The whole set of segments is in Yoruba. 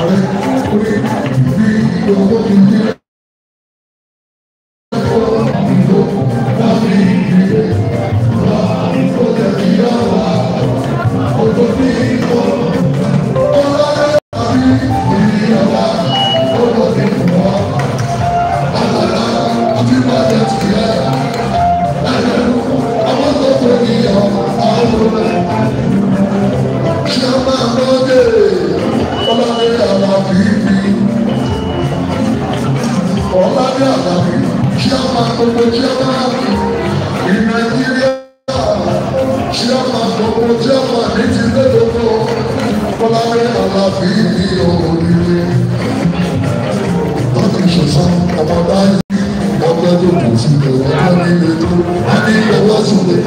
Thank you.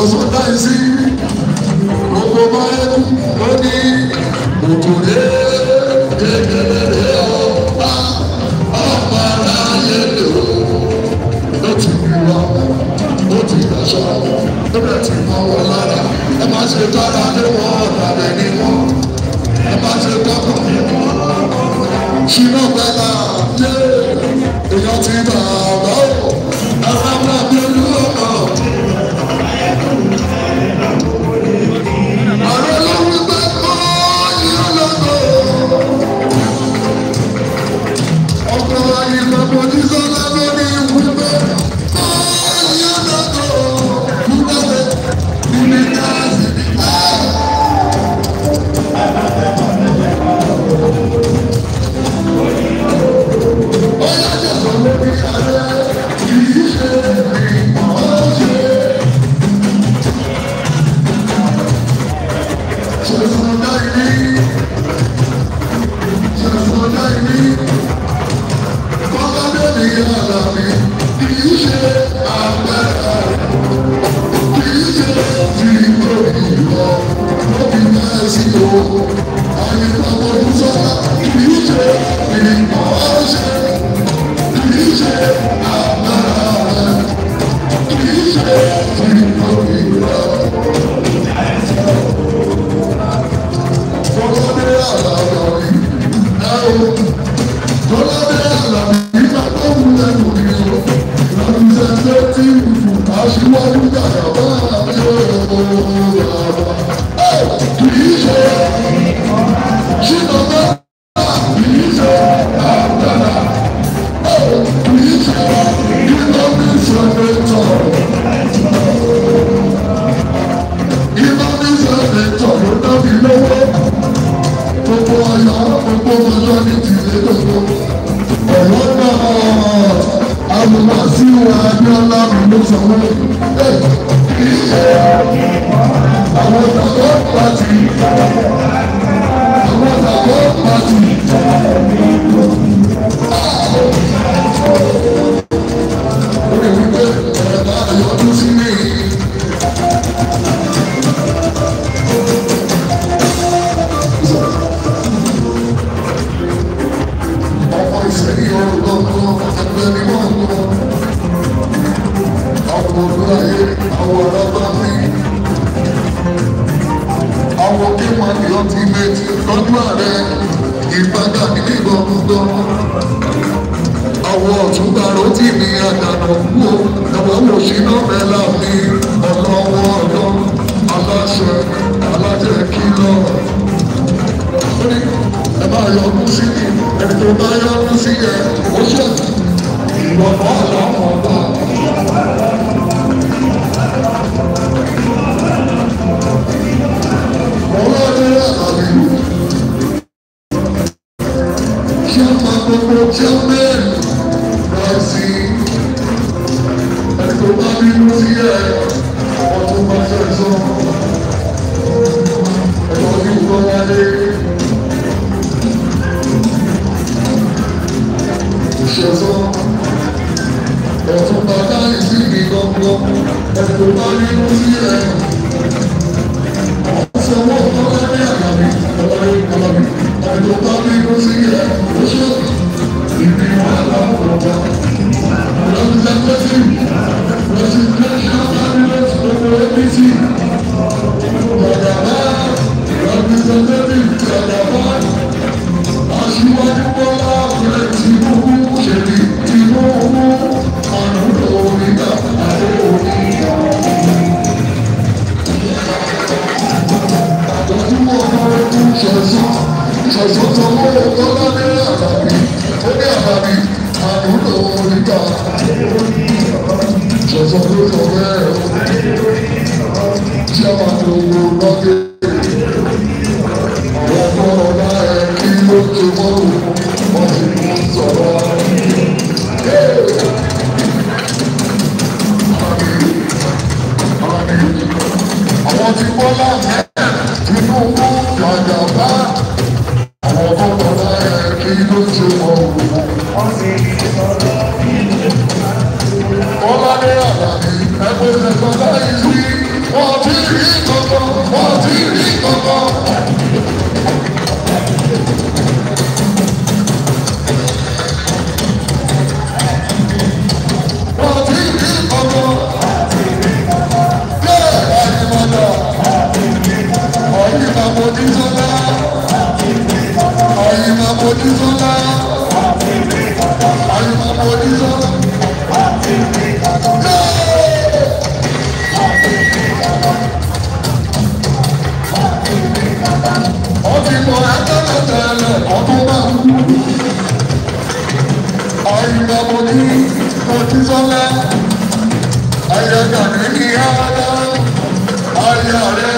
ṣoṣo láìsí gbogbo báyé ó ní òkòdé kékeré ọ̀pá ọ̀pá aráyé lè o ó ti rí wa ó ti dàṣọ ó bẹ̀ ti mọ wọn lára ẹ má ṣe tọ́ra lé wọn ọ̀dà rẹ̀ ní wọn ẹ má ṣe tọ́kọ̀ ní wọn ṣìnà bẹ́ẹ̀ náà yé èèyàn ti dà. Àwọn ìtàkọ́ pàtì. Àwọn ìtàkọ́ pàtì. tó bá bínú sí ẹ ọmọ tó bá ṣẹ̀ṣọ́ ẹ̀rọ ní ìtọ́ládé. Ìṣẹ̀ṣọ́ ọ̀tún bàtà ìsìnkì gbọ̀ngbọ̀n ẹ̀kọ́ bá sí ẹ. Mọ́dísọ́lá Àyìnbá Mọ́dísọ́lá Àyìnbá Mọ́dísọ́lá. Ọ̀bìnbọ̀ akẹ́kọ̀ọ́ ọdún bá Àyìnbá Mọ́dísọ́lá Àyàgbà ní ìyá ọ̀dọ́ Àyà rẹ̀.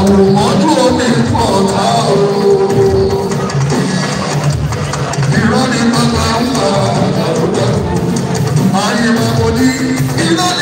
àwòmọ́jú omi pọ̀ ká o. ìrọ́ ni bàbá ń bá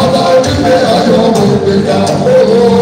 ọba onílé ayọ̀ òmìnira owó.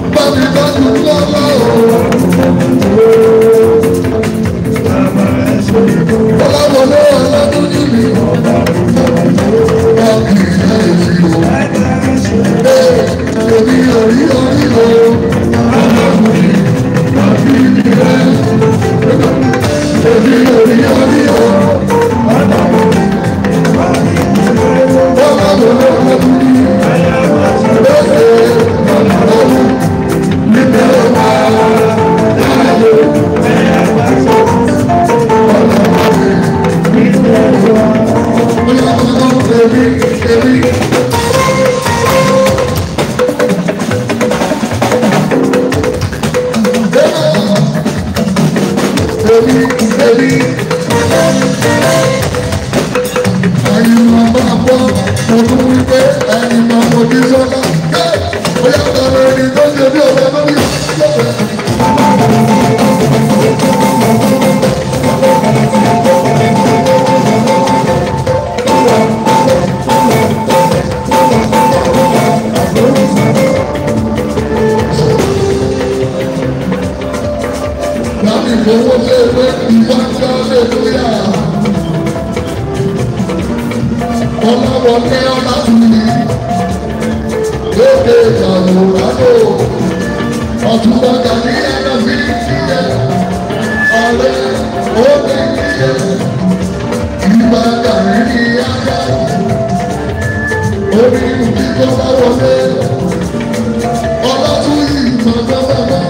bá mi bá mi lọ́wọ́ o. ọlọ́run mo tún wí pé ẹni mọ òbí sọ́lá ó yàtọ̀ lórí tó ṣe bí ọ̀rẹ́ lórí Let me go, let me go, let me go, let me go, ọlọ́wọlé ọlọ́túnbí lóde ìtàlùwádò ọ̀túnbọ̀ gàdí ẹlọ́bí sílẹ̀ ọ̀rẹ́ òde ìyẹ̀ ìgbà gàdí ìyájà orí ìdíkọ́ bá wọlé ọlọ́tún yìí mọ̀gbọ́gbọ́gbọ́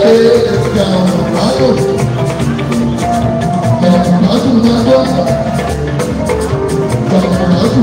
lóde ìtàlùwádò ọ̀túnbọ̀ gàdí ẹlọ́bí sílẹ̀.